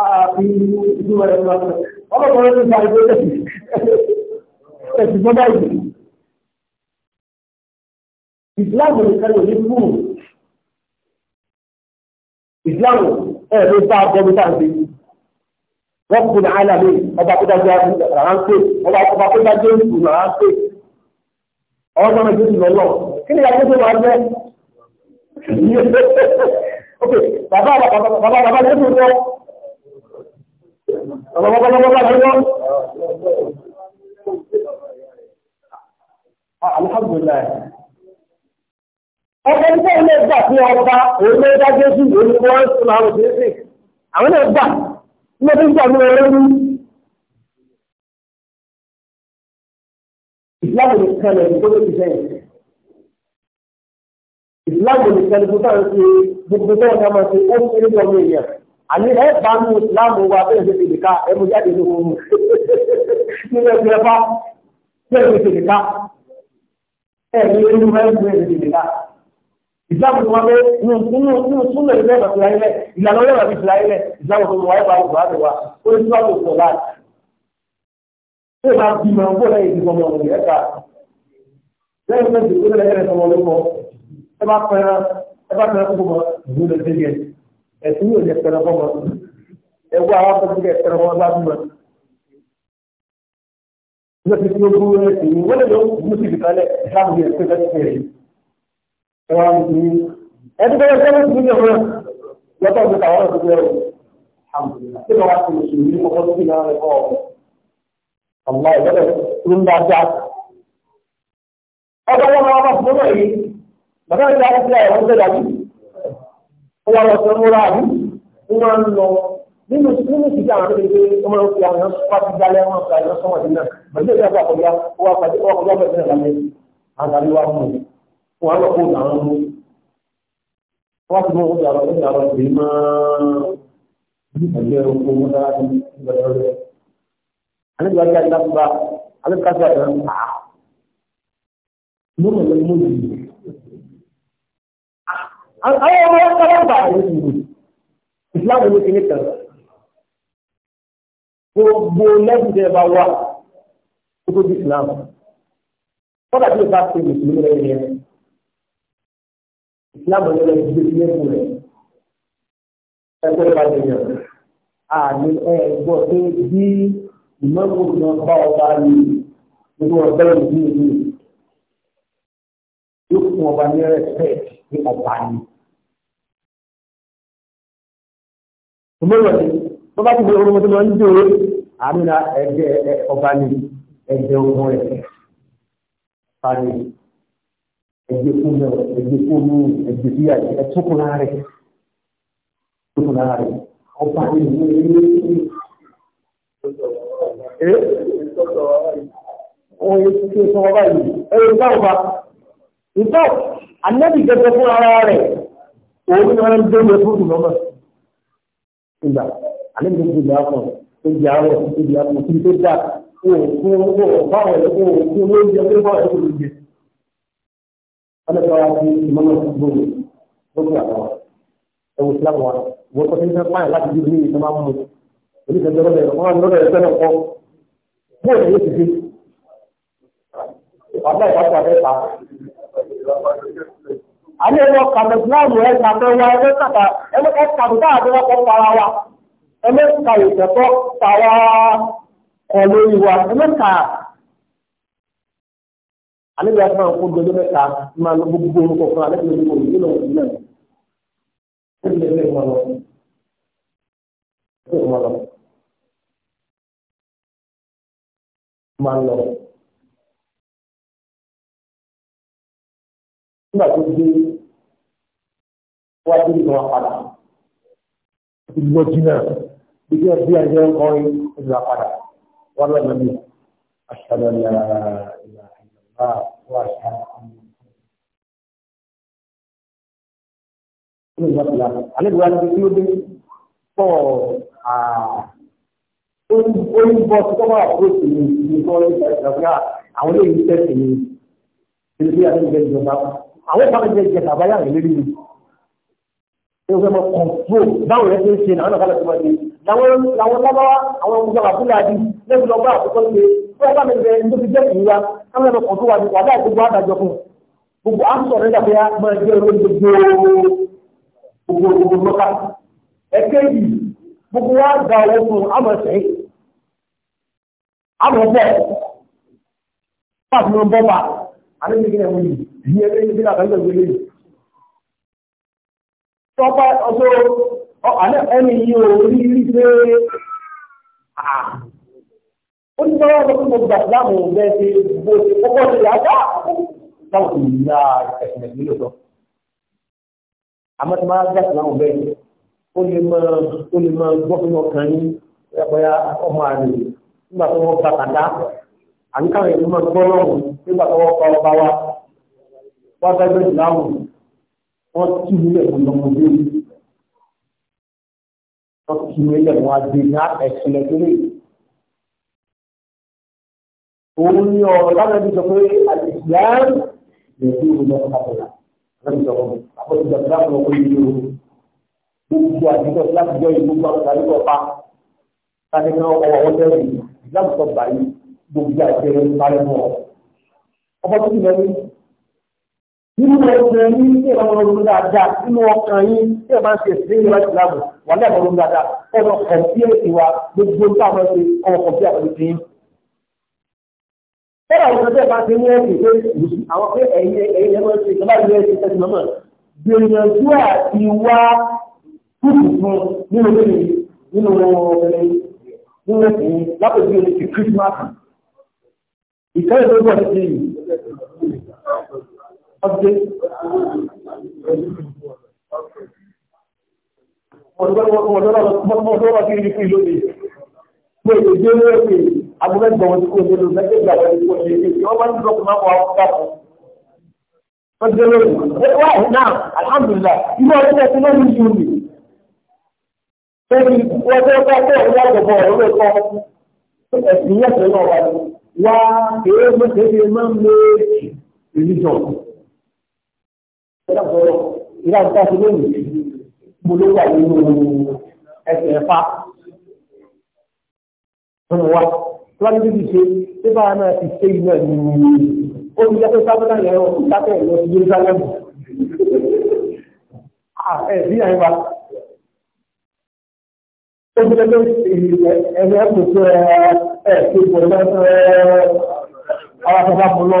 ọlọ́pàá ti gba ìwé ẹ̀sìn gbọ́dọ̀ ìlú. ìsìláàmù nìkan yóò ní fún ìsìláàmù ẹ̀ ló bá gọ́ọ̀mù táǹdé wọ́n kú ní àìlàmì ọba tó dájú àrà ń pè ọba ọba tó dájú ìlú àrà ń pè ọwọ́ tó máa jésù lọ́lọ́ kí ni ìyàwó tó máa jẹ́ ok bàbá bàbá bàbá jésù lọ́wọ́. Alhamdulillah. Ọkọ̀ ní sẹ́yìn lè gbà fún ọba òun ló dájú sí ìlú wọn sún àwọn òṣèré. Àwọn náà gbà ní ọdún ìgbà ní ọ̀rẹ́ ní. Ìsìláàmù ní kẹlẹ̀ ní gbogbo ti sẹ́yìn. Ìsìláàmù ní kẹlẹ̀ tó sáà ń ṣe gbogbo tó ọ̀dà máa àní ẹ bánú láàmú wa bẹ́ẹ̀ ṣe tèlè ká ẹ mú jáde ní òun nínú ẹgbẹ́ ẹ̀fá bẹ́ẹ̀ ṣe tèlè ká ẹ ní ẹnu ẹ mú ẹ ṣe tèlè ká ìsìláàmù tó wọn bẹ nínú nínú súnmọ̀ ìlú ẹ̀fà fìlà ilẹ̀ ìlànà ọlọ́run àti fìlà ilẹ̀ ìsìláàmù tó wáyé bá wà wá ó ní tíwá tó sọ̀ láti. ṣé ìbá bímọ bó lẹ́yìn ìdìbò ọmọ òun yẹn ká lẹ́yìn tó ti kúrò lẹ́yìn ẹ̀fọ́ ọmọ olóko ẹ bá pẹ́ẹ́rẹ́ ẹ bá pẹ́ẹ́rẹ́ kókó mọ́ ìlú lè ẹ̀sìn yóò lè pẹ̀lú ọmọ ẹ̀wọ́ àwọn akọ́sílẹ̀ ẹ̀pẹ̀lú ọmọ bá dùn mọ́. Ní ọ̀sẹ̀ tí ó gbúrú ẹ̀sìn yìí, wọ́n lè lọ mú sí ìdíkalẹ̀ láàbù yẹn pé bẹ́ẹ̀ fẹ́ẹ̀ yìí. Ẹ̀wọ̀n àwọn ọmọ yìí. Ẹni bẹ́ẹ̀ fẹ́ lọ́sùn ní ọ̀rọ̀ lọ́tọ̀ ní tàwọn ọ̀sẹ̀ bẹ́ẹ̀ rẹ̀. Ṣé wàá ti mùsùlùmí ní ọkọ̀ sí ìlànà ẹ̀kọ́ ọ̀rọ̀? Àmọ́ ìbẹ̀rẹ̀ ló ń dáadáa. Ọjọ́ wọn máa bá fún ọ wọ́n wá lọ sí ọmọ rà mí wọ́n máa ń lọ nínú nínú ìdíje àwọn akéde pé wọ́n máa ń fi àwọn pàtí dalẹ̀ wọn fà yọ sọ́wọ́n dín náà bẹ̀rẹ̀ ìjọba àkọjá wọ́n wá pàdé wọ́n kọjá bẹ̀rẹ̀ lálẹ́ àgbàlí wa mú wọn lọ kó àwọn mú wọ́n ti mú ọjà lọ ọjà lọ sí máa ẹgbẹ́ oko mọ́tà ní ìgbàlẹ́ ọ̀rẹ́ alẹ́gbẹ́ ajá ìdáfúba alẹ́gbẹ́ ajá ìdáfúba àwọn ọmọ ọlọ́gbà àwọn ìlú ìsìláàmù bá wà kó tó di ìsìláàmù kọ́dà tí o bá ṣe mùsùlùmí rẹ̀ yẹn ìsìláàmù ló lọ sí ilé ìlú rẹ̀ ẹgbẹ́ bá ti yàn àmì ẹ̀gbọ́n pé bí ìmọ̀gbọ́n náà bá ọba ní gbogbo ọ̀gbẹ́ ìlú yìí yóò fún ọba ní rẹ̀ pẹ́ẹ́tì ní ọba ní. tòmọ́rọ̀ ni tó bá ti gbé orúkọ tó lọ ń dé orí e, àmìnà ẹ̀jẹ̀ ọba ni ẹ̀jẹ̀ ọmọ rẹ̀ fani ẹ̀jẹ̀ kúnlẹ̀ ẹ̀jẹ̀ kúnlẹ̀ ẹ̀jẹ̀ bíyà ẹ̀túnkùnlá rẹ̀ ẹ̀túnkùnlá rẹ̀ ọba ni ẹ̀ wọ́n yẹ kí ẹ sọ ọba yìí ẹ̀rọ ìgbà ọba ìtọ́ ànábì fún ara rẹ̀ òun ni wọ́n ń dé ilé fún ìlọ́mọ̀ ìgbà àlejò ti gbà kan o di o ó di àpò o tó o ó fún ó báwọn o ó fún lóúnjẹ o báwọn ẹ̀ ó lóúnjẹ. ọlọ́pàá wa ti ìmọ̀nà gbòòrò lókè àtàwọn ẹ̀wù islam wa wọ́n tọ́ sí ní fáyà láti dúró ní ìtàn máa ń mú oníṣẹ́jọ́ lọ́dọ̀ ẹ̀ wọ́n lọ́dọ̀ ẹ̀ sẹ́nà kọ́ bóòlù yóò ti dé. bàbá ìbáṣọ àfẹ́ pa àní ẹ̀rọ kàmù ìsìláàmù ẹ̀ kàmù ẹ̀wà ẹ̀rọ kàtà ẹ̀ kàmù tá àdúrà kọ́ para wa ẹ̀mẹ́ka ìtẹ̀tọ́ para kọ̀ lórí wa ẹ̀mẹ́ka alẹ́ yà fún àwọn ọdún mẹ́ta máa lọ gbogbo orúkọ fún alẹ́ yà fún ìdílé òkú náà ẹ̀mí ẹ̀mí wọn lọ ẹ̀mí wọn lọ máa lọ. nígbà tó gbé wájú ìgbà padà ìgbọ́ jìnnà ìgbé ẹbí àjẹ ọkọrin ìgbà padà wà lọ́nà mi aṣáájú ọ̀la ìlà ìlà wà aṣáájú ọ̀la. Ní ìgbà tó lánàá, àlejò wa ti kí ó dé pọ̀ ó ń bọ́ sí tọ́wọ́ ní ìgbìmọ̀ ìgbà ìgbà àwọn èèyàn tẹ̀sí ní ìgbìmọ̀ ìgbà ìjọba àwọn ìpàdé jẹ jẹ bàbá yàrá lérí mi ṣé o fẹ́ mọ kọ̀ǹtró báwo yẹn ṣe ń ṣe àwọn àgbàlagbà tó máa ṣe làwọn làwọn lábáwá àwọn ọmọ ìjọba fúnra bí lẹ́yìn lọ́gbà àkókò ṣe fún ọgbà mi bẹ nítorí jẹ́ ìyá káwọn ẹ̀rọ kọ̀ǹtró wa ni wà láì gbogbo àdájọ fún gbogbo àṣọ rẹ̀ dàbí ya máa jẹ́ olórí gbogbo gbogbo lọ́ka ẹ̀kẹ́ yìí gbogbo wa gba owó fún àmọ̀ ṣe àmọ̀ bọ̀ fún àtúnwọ̀n bọ́ bá àlejò ìgbìyànjú yìí bí eléyìí bí àtàlẹ́ ìgbélé yìí. Tọ́pá ọ̀ṣọ́ àlẹ́ ẹni yìí ò rí rí pé ó ní sọ́wọ́ ọ̀ṣọ́ tó gbà láàmú bẹ́ẹ̀ ṣe bó ṣe kọ́kọ́ ṣe àgbà táwọn kò ní ra ẹ̀sìn ẹ̀sìn lọ́tọ̀. Àmọ́ tí máa gbà láàmú bẹ́ẹ̀ ó lè máa ó lè máa gbọ́ fún ọkàn yín ẹ̀pọ̀ ya wọ́n gbà kàdá àbíkáwọn èèyàn máa gbọ́ lọ́rùn wọ́n pa ọba wa wọ́n fẹ́ bẹ̀rẹ̀ láwùn wọ́n tì í lẹ̀ wọ́n lọ́mọ bí wọ́n tì í lẹ̀ wọ́n adé ní ẹ̀sìnlẹ̀ tó lè. òun ni ọ̀rọ̀ lábẹ́ sọ pé àdìsíyá lè fi òun lọ sábẹ̀lá lọ́dún sọ fún mi àbọ̀tí ìjọba ìjọba ìjọba ìjọba gbogbo àdìsọ láti jọ ìlú gbogbo àwọn àdìsọ láti ní ọwọ́ wọn tẹ́lẹ̀ ìlànà sọ báyìí gbogbo àjẹrẹ parẹ́ mọ́ ọ nínú ẹgbẹ́ ní tí ẹ bá wọn ronú dáadáa nínú ọkàn yín tí ẹ bá ń ṣe sí ìwà ìsìlámù wà lẹ́ẹ̀mọ́ ronú dáadáa ẹ lọ kọ̀ǹtí ìwà gbogbo tá a máa ṣe ọmọ kọ̀ǹtí àpẹẹrẹ ti yín. ẹ̀rọ àwọn ọ̀sẹ̀ bá ti ní ẹ̀sìn pé àwọn pé ẹ̀yin ẹ̀yin ẹ̀mọ́ ṣe ìjọba ìlú ẹ̀sìn tẹ̀sí mọ́mọ́ gbìyànjú àti wá tuntun nínú nínú nínú ẹ̀sìn lápẹ̀jú ìkírísímásì ìkẹ́rẹ́ tó gbọ́ update. Mọ̀tọ́lọ́wọ́ kí ní fún ìlú ni. Pé èdè ló rẹ̀ pé agbẹ́gbẹ̀ wọn ti kó ìlú mẹ́tẹ́gbẹ̀ àwọn ìlú ṣe é. Wọ́n bá ń dúró kó máa wọ àwọn káàkó. Wọ́n ti lórí. Wá náà, alhamdulillah, inú ọdún ẹ̀sìn náà ní ìlú mi. Bẹ́ẹ̀ni, wọ́n tẹ́ ká tẹ́ ẹ̀rí àgbọ̀bọ̀ ọ̀rọ̀ ló kọ́. Ẹ̀sìn yẹ̀sẹ̀ náà wà ní. Wá kéé mọ́tẹ́lẹ́ máa ń lé ìlú jọ̀ọ́ ìdájọ́ ìdájọ́ àti lónìí mo ló wà nínú ẹsẹ̀ ẹ̀fà ọ̀nà wa láti bíbí ṣe tí bá a náà ti ṣe iná ní omi jẹ́ pé sábẹ́nà yẹn ọ̀ sábẹ́ lọ sí Jerusalem ẹ̀ sí àyè wa ó ti lẹ́gbẹ́ ẹ̀rẹ́ ẹ̀kọ́ tó ẹ̀ ẹ̀ tó ìbọn náà ẹ̀ ara tó bá mú lọ.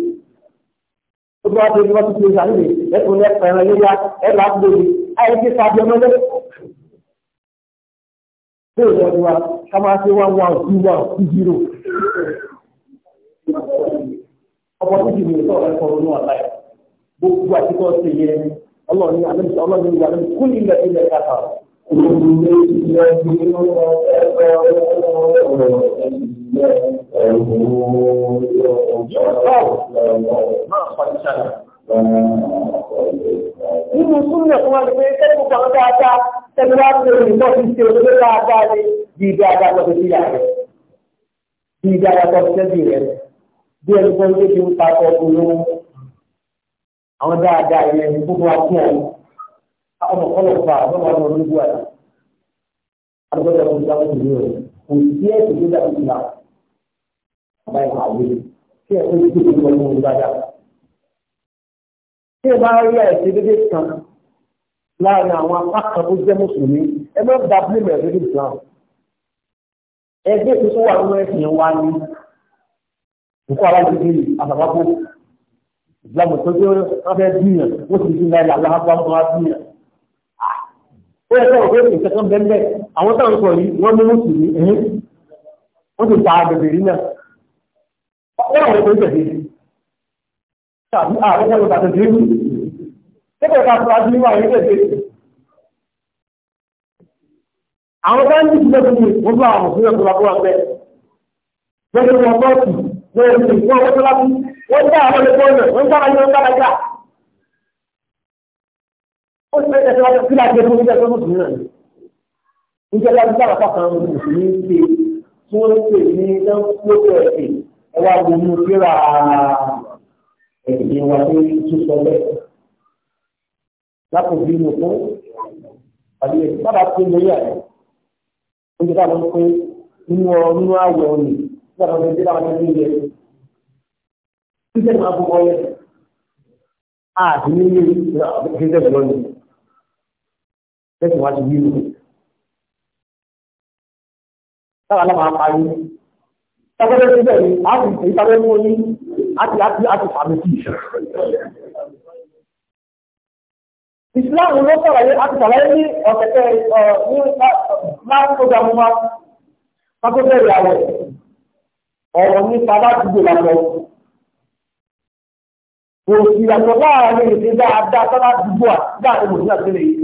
tó bá dé wọ́n ti fi ìgbà nílé ẹ̀kún ní ẹ̀fẹ̀ ẹ̀rọ yíyá ẹ̀rọ àgbèrè ayé ti sáájú ọmọ lẹ́yìn. Bí ìwọ ni wa, ká máa ṣe wá wá òkú wá òkú zero. Ọmọ tó ti bèrè sọ̀rọ̀ ẹ̀kọ́ ronú àlá ẹ̀. Gbogbo àtikọ́ ṣe yẹ ọlọ́ọ̀ni àlẹ́ Nínú súnmọ̀ fún wọn pé tẹ́lú kan dáadáa tẹ́lú wá pé olùkọ́ ti ṣe olóògbé dáadáa ní bí i dáadáa lọ́dọ̀ sí ìyá rẹ̀. Bí i dáadáa lọ́dọ̀ sí ẹbí rẹ̀. Bí ẹni kan ló ti ń pa ọkọ̀ olówó. Àwọn dáadáa yẹn gbogbo wa kí ọ̀hún ọmọ kọlọ fà lọ́wọ́ ọmọ ológun àyà alùpùpù ọmọ ìjà òkú yìí rẹ̀ kò sí ẹ̀sìn tó dàbí ìlà ọba ìwà àwẹ̀ kí ẹ̀kọ́ ìdíje tó lọ́wọ́ ọmọ ológun àyà. tí ẹ bá rí ẹ̀sìn dédé kan láàrin àwọn apá kan tó jẹ́ mùsùlùmí ẹ má gba bílíọ̀nù ẹ̀sìn Islam ẹgbẹ́ tó wà nínú ẹ̀sìn wa ni nǹkan aláàbí àtàwọn Islam tó dé wọn fẹ́ bíyàn wọ́n ti fi náírà aláàbá wọn bíyàn ó yẹ káwọn fẹ́ẹ́ pèsè kan bẹ́ẹ̀ bẹ́ẹ̀ àwọn táwọn sọ yìí wọ́n mú mùsùn ní ẹ̀yìn wọ́n ti pa bèbè rí náà ọ̀pọ̀ àwọn ètò ìjẹ̀dẹ̀ tàbí ààrẹ wọn tàbí dé mú kẹ́kẹ́ ká fún adúlé wà ní ìjẹ̀dẹ̀ àwọn bá ń ní ìjìnlẹ̀ fún mi wọ́n bá àwọn òfin ọ̀tọ̀ lábúrò ọ̀pẹ lọ́dún wọn bọ́ọ̀tù lọ́dún wọn bọ́ọ̀tù wọ́n dá àwọn ẹgbẹ́ ọ̀nà wọ́n dá àwọn ẹgbẹ́ ọ̀nà ó ti fẹ́ tẹ̀síwájú kí láti ẹ̀kọ́ nígbà tó mùsùlùmí náà ni. Níjẹ́ láti sábà pàkan mùsùlùmí ń ṣe tí wọ́n ń pè ní lọ́pọ̀ ẹ̀sìn ẹwà gbogbo kíra ẹ̀sìn wa tó sọ bẹ́ẹ̀. Lápòbí mo fún àbí ẹ̀sìn bàbá pé lórí àná. Oúnjẹ táwọn ń pín nínú ọ nínú àwọ̀ ọ̀nì nígbà tó ń gbé táwọn ń gbé yẹ. máa bọ́ yẹ. Àti bẹ́ẹ̀ wá sí wíwú. Sára lọ́mọ apáyé. Sábẹ́lẹ́ ti bẹ̀rẹ̀ á sì èyí sábẹ́ mú ní àti àti àti fàmì sí. Ìsìláàmù ló sọ̀rọ̀ yé àti sàlàyé ní ọ̀kẹ̀kẹ̀ ní máa ń kóga mú wa. Pákó bẹ̀rẹ̀ àwẹ̀. Ọ̀rọ̀ nípa láti gbé lọ́pọ̀. Kò sí ìyàtọ̀ láàárín ìdí dáadáa sọ́lá dùgbò àti dáadáa mòdúnà sílẹ̀ yìí.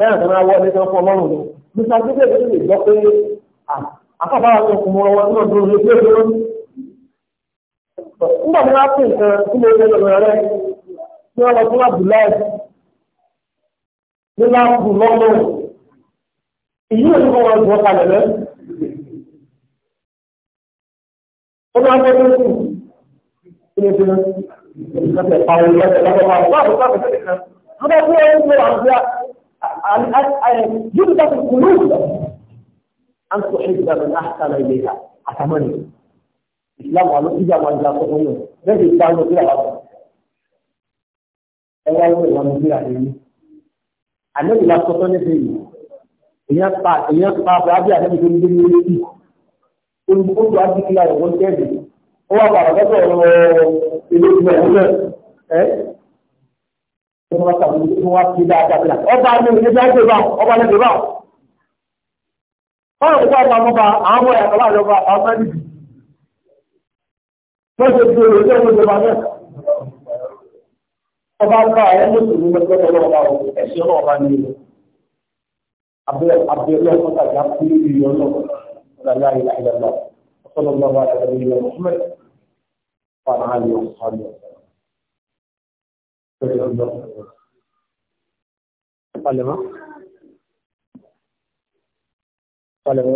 bẹ́ẹ̀ tó máa wọ ilé tó ń fún ọlọ́run lọ mr gbígbé tó lè gbọ́ pé àkàbára tó kún mọ́ wọn náà dúró lórí pé ó ń nígbà tí wọ́n pè nǹkan tí mo ṣe lọ́rọ̀ rẹ tí wọ́n lọ fún abdullahi ní láàbù lọ́nà èyí ò ní kọ́ wọn gbọ́ kalẹ̀ rẹ. ó máa ń tọ́jú sí ilé tí wọ́n pa òun lọ́sẹ̀ lọ́sẹ̀ máa wọ́n àbúkọ́ àbúkọ́ nìkan. wọ́n bá fún ọ جلدة القلوب أن تحب من أحسن إليها أتمنى الإسلام قالوا إذا ما إذا تؤمنون الذي الإسلام فيها غلط ẹwà ìwé ìwà mi fíra rẹ ni àlejò la sọ tọ́lé fẹ́ yìí èèyàn pa èèyàn pa àbúrò àbí àlejò tó ń gbé ní létí olùkóso wọ́n wá sàbùn tó wá sí dáadáa bí i ọba ní ìdí dájú bá ọba ní ìdíbà. wọ́n rẹ̀ wọ́n máa mú ba àwọn ọmọ ìyàtọ̀ láti ọba àwọn ọmọ ìdí. wọ́n ṣe ti èrè tó ń gbé ba náà. ọba ká ẹ̀ ń lóṣù ní mẹ́tẹ́tẹ́ lọ́wọ́ bá wọn ẹ̀ṣin náà bá ní ilé. abẹ́rẹ́ ọkọ̀ tàbí akúlé ìlú ọlọ́wọ́ ọ̀làlá ìlà ìlà Vale, ¿no?